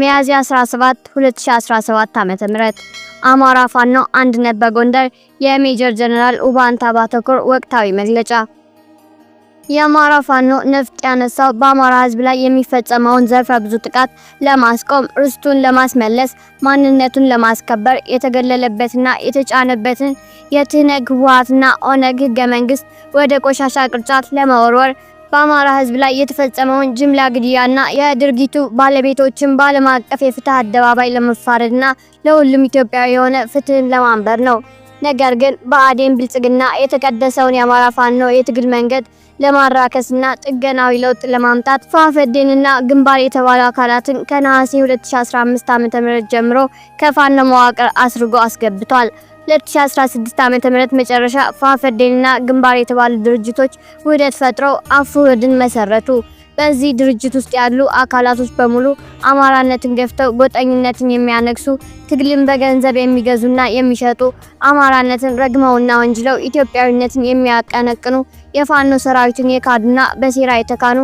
ሚያዝያ 17 2017 ዓ.ም አማራ ፋኖ አንድነት በጎንደር የሜጀር ጀነራል ኡባንታ ባተኮር ወቅታዊ መግለጫ። የአማራ ፋኖ ነፍጥ ያነሳው በአማራ ሕዝብ ላይ የሚፈጸመውን ዘርፈ ብዙ ጥቃት ለማስቆም ርስቱን ለማስመለስ ማንነቱን ለማስከበር የተገለለበትና የተጫነበትን የትህነግ ህወሓትና ኦነግ ህገ መንግስት ወደ ቆሻሻ ቅርጫት ለመወርወር በአማራ ህዝብ ላይ የተፈጸመውን ጅምላ ግድያና የድርጊቱ ባለቤቶችን በዓለም አቀፍ የፍትህ አደባባይ ለመፋረድና ለሁሉም ኢትዮጵያዊ የሆነ ፍትህን ለማንበር ነው። ነገር ግን በአዴን ብልጽግና የተቀደሰውን የአማራ ፋኖ የትግል መንገድ ለማራከስና ጥገናዊ ለውጥ ለማምጣት ፋፈዴንና ግንባር የተባሉ አካላትን ከነሐሴ 2015 ዓ.ም ጀምሮ ከፋኖ መዋቅር አስርጎ አስገብቷል። 2016 ዓ.ም መጨረሻ ፋፈርዴንና ግንባር የተባሉ ድርጅቶች ውህደት ፈጥረው አፍህድን መሰረቱ። በዚህ ድርጅት ውስጥ ያሉ አካላቶች በሙሉ አማራነትን ገፍተው ጎጠኝነትን የሚያነግሱ ትግልን በገንዘብ የሚገዙና የሚሸጡ አማራነትን ረግመውና ወንጅለው ኢትዮጵያዊነትን የሚያቀነቅኑ የፋኖ ሰራዊትን የካዱና በሴራ የተካኑ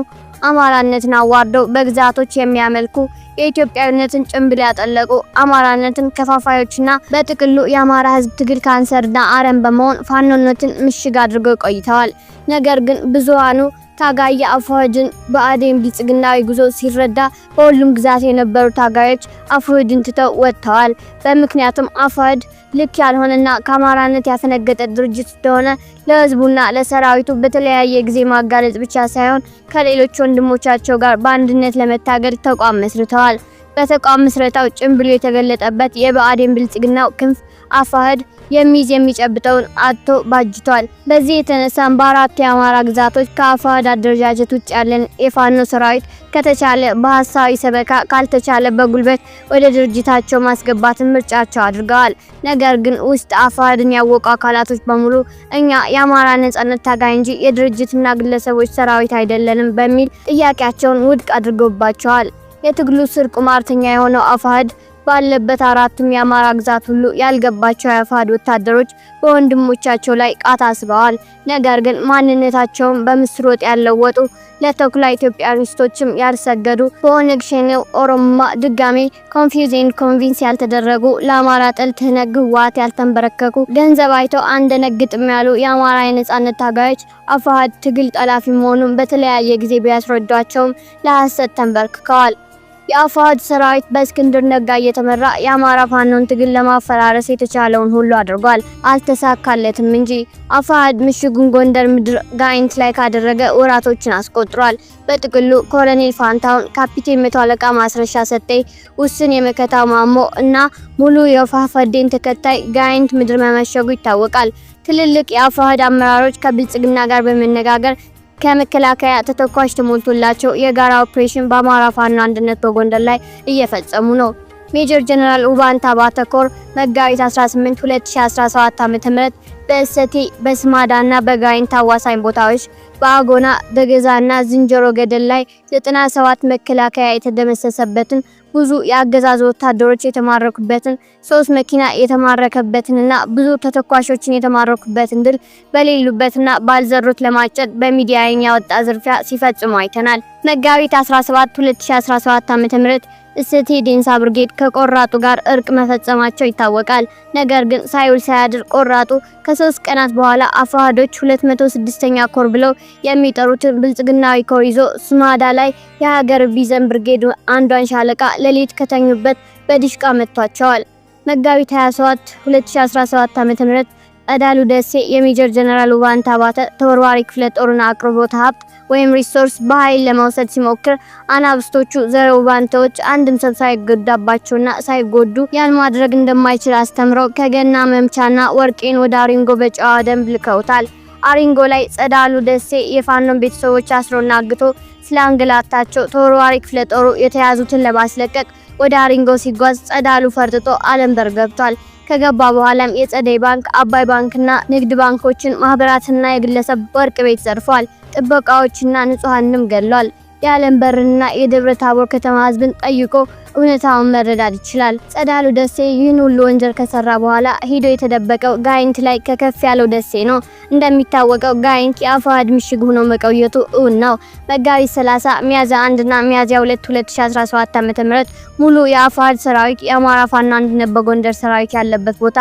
አማራነትን አዋርደው በግዛቶች የሚያመልኩ የኢትዮጵያዊነትን ጭንብል ያጠለቁ አማራነትን ከፋፋዮችና በጥቅሉ የአማራ ሕዝብ ትግል ካንሰርና አረም በመሆን ፋኖነትን ምሽግ አድርገው ቆይተዋል። ነገር ግን ብዙሃኑ ታጋይ የአፋሕድን በአዴን ብልጽግናዊ ጉዞ ሲረዳ በሁሉም ግዛት የነበሩ ታጋዮች አፋሕድን ትተው ወጥተዋል። በምክንያቱም አፋሕድ ልክ ያልሆነና ከአማራነት ያፈነገጠ ድርጅት እንደሆነ ለህዝቡና ለሰራዊቱ በተለያየ ጊዜ ማጋለጽ ብቻ ሳይሆን ከሌሎች ወንድሞቻቸው ጋር በአንድነት ለመታገል ተቋም መስርተዋል። በተቋም ምስረታው ጭምብሎ የተገለጠበት የብአዴን ብልጽግናው ክንፍ አፋህድ የሚይዝ የሚጨብጠውን አጥቶ ባጅቷል። በዚህ የተነሳም በአራቱ የአማራ ግዛቶች ከአፋህድ አደረጃጀት ውጭ ያለን የፋኖ ሰራዊት ከተቻለ በሀሳዊ ሰበካ፣ ካልተቻለ በጉልበት ወደ ድርጅታቸው ማስገባትን ምርጫቸው አድርገዋል። ነገር ግን ውስጥ አፋሕድን ያወቁ አካላቶች በሙሉ እኛ የአማራ ነጻነት ታጋይ እንጂ የድርጅትና ግለሰቦች ሰራዊት አይደለንም በሚል ጥያቄያቸውን ውድቅ አድርገውባቸዋል። የትግሉ ስር ቁማርተኛ የሆነው አፋሕድ ባለበት አራቱም የአማራ ግዛት ሁሉ ያልገባቸው የአፋሕድ ወታደሮች በወንድሞቻቸው ላይ ቃታ አስበዋል። ነገር ግን ማንነታቸውን በምስር ወጥ ያለወጡ ለተኩላ ኢትዮጵያኒስቶችም ያልሰገዱ በኦነግ ኦሮማ ኦሮሞማ ድጋሜ ኮንፊውዚንግ ኮንቪንስ ያልተደረጉ ለአማራ ጥል ትህነግ ህወሓት ያልተንበረከኩ ገንዘብ አይተው አንደነግጥም ያሉ የአማራ የነጻነት ታጋዮች አፋሕድ ትግል ጠላፊ መሆኑን በተለያየ ጊዜ ቢያስረዷቸውም ለሐሰት ተንበርክከዋል። የአፋሕድ ሰራዊት በእስክንድር ነጋ እየተመራ የአማራ ፋኖን ትግል ለማፈራረስ የተቻለውን ሁሉ አድርጓል፣ አልተሳካለትም እንጂ። አፋሕድ ምሽጉን ጎንደር ምድር ጋይንት ላይ ካደረገ ወራቶችን አስቆጥሯል። በጥቅሉ ኮሎኔል ፋንታውን፣ ካፒቴን መቶ አለቃ ማስረሻ ሰጠ ውስን የመከታ ማሞ እና ሙሉ የፋፈዴን ተከታይ ጋይንት ምድር መመሸጉ ይታወቃል። ትልልቅ የአፋሕድ አመራሮች ከብልጽግና ጋር በመነጋገር ከመከላከያ ተተኳሽ ተሞልቶላቸው የጋራ ኦፕሬሽን በአማራ ፋኖ አንድነት በጎንደር ላይ እየፈጸሙ ነው። ሜጀር ጀነራል ኡባን ታባተ መጋቢት 18 2017 ዓ.ም በእሰቴ በስማዳና በጋይንታ አዋሳኝ ቦታዎች በአጎና በገዛና ዝንጀሮ ገደል ላይ 97 መከላከያ የተደመሰሰበትን ብዙ የአገዛዝ ወታደሮች የተማረኩበትን ሶስት መኪና የተማረከበትንና ብዙ ተተኳሾችን የተማረኩበትን ድል በሌሉበትና ባልዘሩት ለማጨድ በሚዲያ ያወጣ ዝርፊያ ሲፈጽሙ አይተናል። መጋቢት 17 2017 ም እስቲ ዲንሳ ብርጌድ ከቆራጡ ጋር እርቅ መፈጸማቸው ይታወቃል። ነገር ግን ሳይውል ሳያድር ቆራጡ ከሶስት ቀናት በኋላ አፋሃዶች 206ኛ ኮር ብለው የሚጠሩትን ብልጽግናዊ ኮር ይዞ ሱማዳ ላይ የሀገር ቢዘን ብርጌድ አንዷን ሻለቃ ሌሊት ከተኙበት በዲሽቃ መጥቷቸዋል። መጋቢት 27 2017 ዓ.ም ቀዳሉ ደሴ የሜጀር ጀነራል ውባንታ ባተ ተወርዋሪ ክፍለ ጦሩን አቅርቦት ሀብት ወይም ሪሶርስ በኃይል ለመውሰድ ሲሞክር አናብስቶቹ ባንተዎች አንድም ሰው ሳይጎዳባቸውና ሳይጎዱ ያን ማድረግ እንደማይችል አስተምረው ከገና መምቻና ወርቄን ወደ አሪንጎ በጨዋ ደንብ ልከውታል። አሪንጎ ላይ ጸዳሉ ደሴ የፋኖን ቤተሰቦች አስሮና አግቶ ስላንገላታቸው ተወርዋሪ ክፍለ ጦሩ የተያዙትን ለማስለቀቅ ወደ አሪንጎ ሲጓዝ ጸዳሉ ፈርጥጦ አለምበር ገብቷል። ከገባ በኋላም የጸደይ ባንክ፣ አባይ ባንክና ንግድ ባንኮችን ማህበራትና የግለሰብ ወርቅ ቤት ዘርፏል። ጥበቃዎችና ንጹሐንም ገድሏል። የዓለም በርና የደብረ ታቦር ከተማ ህዝብን ጠይቆ እውነታውን መረዳት ይችላል። ጸዳሉ ደሴ ይህን ሁሉ ወንጀል ከሰራ በኋላ ሂዶ የተደበቀው ጋይንት ላይ ከከፍ ያለው ደሴ ነው። እንደሚታወቀው ጋይንት የአፋሕድ ምሽግ ሆኖ መቆየቱ እውን ነው። መጋቢት 30 ሚያዝያ 1 እና ሚያዝያ 2 2017 ዓ.ም ሙሉ የአፋሕድ ሰራዊት የአማራ ፋና አንድነት በጎንደር ሰራዊት ያለበት ቦታ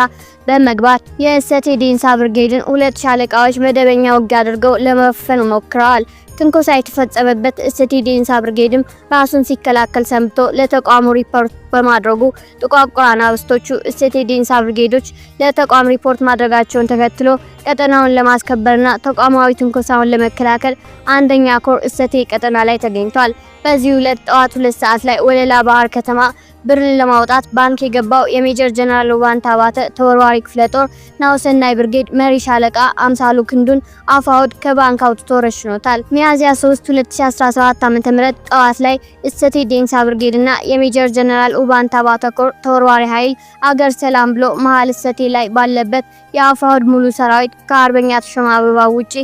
በመግባት የእሰቴ ዴንሳ ብርጌድን ሁለት ሻለቃዎች መደበኛ ውጊያ አድርገው ለመፈን ሞክረዋል። ትንኮሳ የተፈጸመበት እስቴ ዴንሳ ብርጌድም ራሱን ሲከላከል ሰምቶ ለተቋሙ ሪፖርት በማድረጉ ጥቋቁር አናብስቶቹ እስቴ ዴንሳ ብርጌዶች ለተቋም ሪፖርት ማድረጋቸውን ተከትሎ ቀጠናውን ለማስከበርና ተቋማዊ ትንኮሳውን ለመከላከል አንደኛ ኮር እስቴ ቀጠና ላይ ተገኝቷል። በዚህ ዕለት ጠዋት ሁለት ሰዓት ላይ ወለላ ባህር ከተማ ብርን ለማውጣት ባንክ የገባው የሜጀር ጀነራል ውባንተ አባተ ተወርዋሪ ክፍለ ጦር ናሁሰናይ ብርጌድ መሪ ሻለቃ አምሳሉ ክንዱን አፋውድ ከባንክ አውጥቶ ረሽኖታል። ሚያዝያ 3 2017 ዓ.ም ጠዋት ላይ እሰቴ ዴንሳ ብርጌድ እና የሜጀር ጀነራል ውባንተ አባተ ኮር ተወርዋሪ ኃይል አገር ሰላም ብሎ መሀል እሰቴ ላይ ባለበት የአፋውድ ሙሉ ሰራዊት ከአርበኛ ተሾመ አበባ ውጪ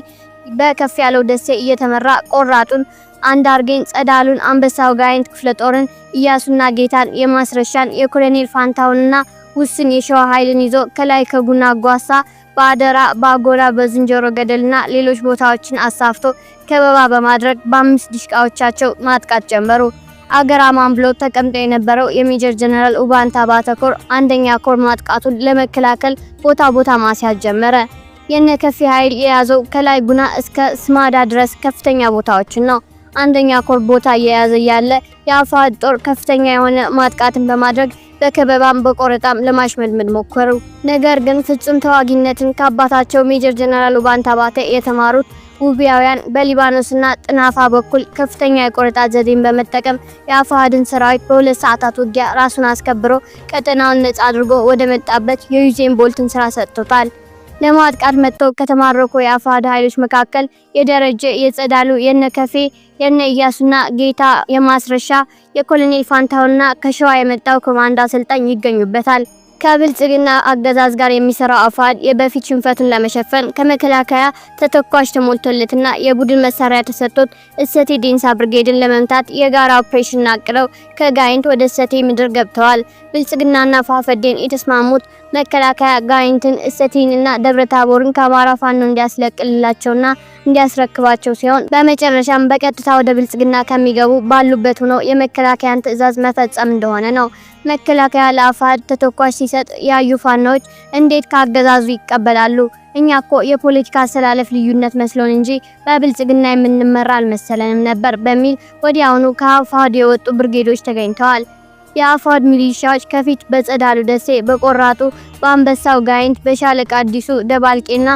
በከፍ ያለው ደሴ እየተመራ ቆራጡን አንዳርጌን፣ ጸዳሉን፣ አንበሳው ጋይንት ክፍለ ጦርን፣ እያሱና ጌታን፣ የማስረሻን፣ የኮሎኔል ፋንታውንና ውስን የሸዋ ኃይልን ይዞ ከላይ ከጉና ጓሳ በአደራ በአጎላ በዝንጀሮ ገደልና ሌሎች ቦታዎችን አሳፍቶ ከበባ በማድረግ በአምስት ዲሽቃዎቻቸው ማጥቃት ጀመሩ። አገራማን ብሎ ተቀምጦ የነበረው የሜጀር ጀነራል ኡባንታ ባተኮር አንደኛ ኮር ማጥቃቱን ለመከላከል ቦታ ቦታ ማስያዝ ጀመረ። የነ ከፊ ኃይል የያዘው ከላይ ጉና እስከ ስማዳ ድረስ ከፍተኛ ቦታዎችን ነው። አንደኛ ኮር ቦታ እየያዘ ያለ የአፋ ጦር ከፍተኛ የሆነ ማጥቃትን በማድረግ በከበባም በቆረጣም ለማሽመድመድ ሞከሩ። ነገር ግን ፍጹም ተዋጊነትን ከአባታቸው ሜጀር ጀነራል ኡባንታ ባተ የተማሩት ውቢያውያን በሊባኖስና ጥናፋ በኩል ከፍተኛ የቆረጣ ዘዴን በመጠቀም የአፋሃድን ሰራዊት በሁለት ሰዓታት ውጊያ ራሱን አስከብሮ ቀጠናውን ነጻ አድርጎ ወደ መጣበት የዩዜን ቦልትን ስራ ሰጥቶታል። ለማጥቃት መጥተው ከተማረኩ የአፋድ ኃይሎች መካከል የደረጀ፣ የጸዳሉ፣ የነከፌ፣ የነ እያሱና ጌታ የማስረሻ፣ የኮሎኔል ፋንታውና ከሸዋ የመጣው ኮማንዶ አሰልጣኝ ይገኙበታል። ከብልጽግና አገዛዝ ጋር የሚሰራው አፋድ የበፊት ሽንፈቱን ለመሸፈን ከመከላከያ ተተኳሽ ተሞልቶለትና የቡድን መሳሪያ ተሰጥቶት እሰቴ ዴንሳ ብርጌድን ለመምታት የጋራ ኦፕሬሽን አቅደው ከጋይንት ወደ እሰቴ ምድር ገብተዋል። ብልጽግናና ፋፈዴን የተስማሙት መከላከያ ጋይንትን፣ እሰቴንና ደብረታቦርን ከአማራ ፋኖ እንዲያስለቅልላቸውና እንዲያስረክባቸው ሲሆን በመጨረሻም በቀጥታ ወደ ብልጽግና ከሚገቡ ባሉበት ሆኖ የመከላከያን ትዕዛዝ መፈጸም እንደሆነ ነው። መከላከያ ለአፋድ ተተኳሽ ሲሰጥ ያዩ ፋናዎች እንዴት ከአገዛዙ ይቀበላሉ? እኛ እኮ የፖለቲካ አሰላለፍ ልዩነት መስሎን እንጂ በብልጽግና የምንመራ አልመሰለንም ነበር በሚል ወዲያውኑ ከአፋድ የወጡ ብርጌዶች ተገኝተዋል። የአፋድ ሚሊሻዎች ከፊት በጸዳሉ ደሴ፣ በቆራጡ፣ በአንበሳው ጋይንት፣ በሻለቃ አዲሱ ደባልቄና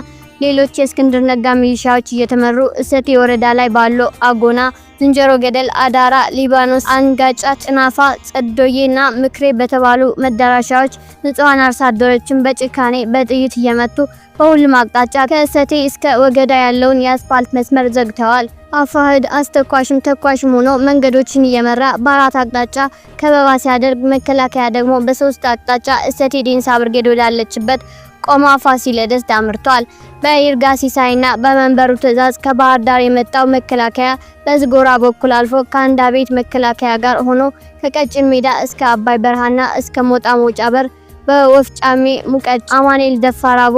ሌሎች የእስክንድር ነጋ ሚሊሻዎች እየተመሩ እሰቴ ወረዳ ላይ ባሉ አጎና፣ ዝንጀሮ ገደል፣ አዳራ፣ ሊባኖስ፣ አንጋጫ፣ ጭናፋ፣ ጸዶዬና ምክሬ በተባሉ መዳረሻዎች ንጹሐን አርሶ አደሮችን በጭካኔ በጥይት እየመቱ በሁሉም አቅጣጫ ከእሰቴ እስከ ወገዳ ያለውን የአስፓልት መስመር ዘግተዋል። አፋህድ አስተኳሽም ተኳሽም ሆኖ መንገዶችን እየመራ በአራት አቅጣጫ ከበባ ሲያደርግ፣ መከላከያ ደግሞ በሶስት አቅጣጫ እሰቴ ዴንሳ ብርጌድ ወዳለችበት ቆማ ፋሲለደስ ዳምርቷል። በይርጋ ሲሳይና በመንበሩ ትዕዛዝ ከባህር ዳር የመጣው መከላከያ በዝጎራ በኩል አልፎ ከአንዳ ቤት መከላከያ ጋር ሆኖ ከቀጭን ሜዳ እስከ አባይ በረሃና እስከ ሞጣ መውጫ በር በወፍጫሜ ሙቀጭ፣ አማኔል፣ ደፋራቦ፣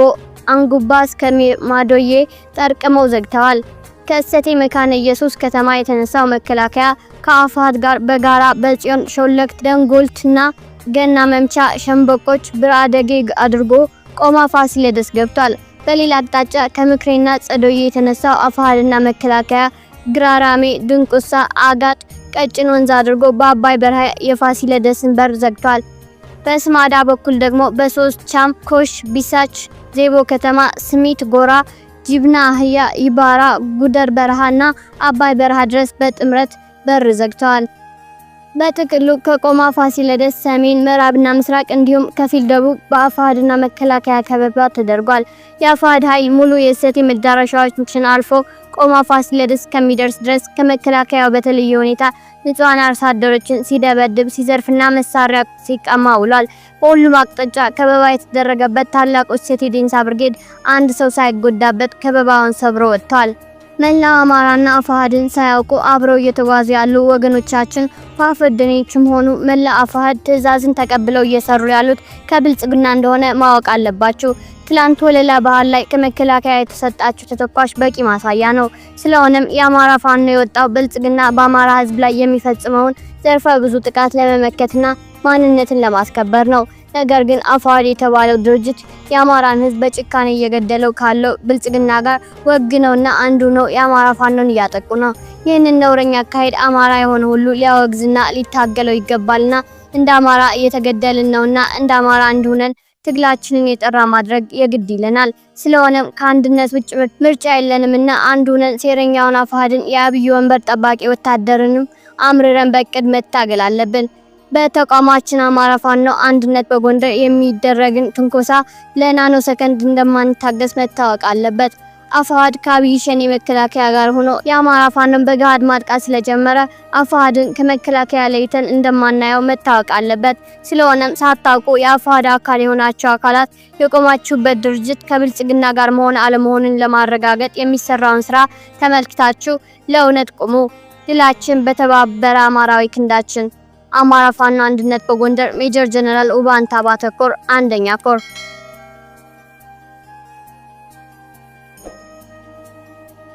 አንጉባ እስከ ማዶዬ ጠርቅመው ዘግተዋል። ከእሰቴ መካነ ኢየሱስ ከተማ የተነሳው መከላከያ ከአፋሕድ ጋር በጋራ በጽዮን ሾለክት፣ ደንጎልትና ገና መምቻ ሸምበቆች ብር አደጌ አድርጎ ቆማ ፋሲለደስ ገብቷል። በሌላ አቅጣጫ ከምክሬና ጸዶዬ የተነሳው አፋሃድና መከላከያ ግራራሜ፣ ድንቁሳ፣ አጋጥ ቀጭን ወንዝ አድርጎ በአባይ በረሃ የፋሲለደስን በር ዘግቷል። በስማዳ በኩል ደግሞ በሶስት ቻም፣ ኮሽ፣ ቢሳች፣ ዜቦ ከተማ፣ ስሚት ጎራ፣ ጅብና፣ አህያ፣ ይባራ፣ ጉደር በረሃና አባይ በረሃ ድረስ በጥምረት በር ዘግተዋል። በጥቅሉ ከቆማ ፋሲለደስ ሰሜን ምዕራብና ምስራቅ እንዲሁም ከፊል ደቡብ በአፋድና መከላከያ ከበባ ተደርጓል። የአፋድ ኃይል ሙሉ የእሴቴ መዳረሻዎችን አልፎ ቆማ ፋሲለደስ ከሚደርስ ድረስ ከመከላከያው በተለየ ሁኔታ ንጹሃን አርሶ አደሮችን ሲደበድብ ሲዘርፍና መሳሪያ ሲቀማ ውሏል። በሁሉም አቅጣጫ ከበባ የተደረገበት ታላቁ እሴቴ ዲንሳ ብርጌድ አንድ ሰው ሳይጎዳበት ከበባውን ሰብሮ ወጥቷል። መላ አማራና አፋሃድን ሳያውቁ አብረው እየተጓዙ ያሉ ወገኖቻችን ፋፈደኔችም ሆኑ መላ አፋሃድ ትዕዛዝን ተቀብለው እየሰሩ ያሉት ከብልጽግና እንደሆነ ማወቅ አለባችሁ። ትላንት ወለላ ባህል ላይ ከመከላከያ የተሰጣችሁ ተተኳሽ በቂ ማሳያ ነው። ስለሆነም የአማራ ፋኖ የወጣው ብልጽግና በአማራ ህዝብ ላይ የሚፈጽመውን ዘርፈ ብዙ ጥቃት ለመመከትና ማንነትን ለማስከበር ነው። ነገር ግን አፋሕድ የተባለው ድርጅት የአማራን ህዝብ በጭካኔ እየገደለው ካለው ብልጽግና ጋር ወግ ነውና አንዱ ነው የአማራ ፋኖን እያጠቁ ነው። ይህንን ነውረኛ አካሄድ አማራ የሆነ ሁሉ ሊያወግዝና ሊታገለው ይገባልና እንደ አማራ እየተገደልን ነውና እንደ አማራ እንዲሆነን ትግላችንን የጠራ ማድረግ የግድ ይለናል። ስለሆነም ከአንድነት ውጭ ምርጫ የለንምና አንድ ሆነን ሴረኛውን አፋሕድን የአብይ ወንበር ጠባቂ ወታደርንም አምርረን በቅድ መታገል አለብን። በተቋማችን አማራ ፋኖ አንድነት በጎንደር የሚደረግን ትንኮሳ ለናኖ ሰከንድ እንደማንታገስ መታወቅ አለበት። አፋሃድ ከአብይ ሸኔ መከላከያ ጋር ሆኖ የአማራ ፋኖን በገሃድ ማጥቃት ስለጀመረ አፋሃድን ከመከላከያ ለይተን እንደማናየው መታወቅ አለበት። ስለሆነም ሳታውቁ የአፋሃድ አካል የሆናቸው አካላት የቆማችሁበት ድርጅት ከብልጽግና ጋር መሆን አለመሆኑን ለማረጋገጥ የሚሰራውን ስራ ተመልክታችሁ ለእውነት ቁሙ። ድላችን በተባበረ አማራዊ ክንዳችን አማራ ፋኖ አንድነት በጎንደር ሜጀር ጀነራል ኡባንታ ባተኮር አንደኛ ኮር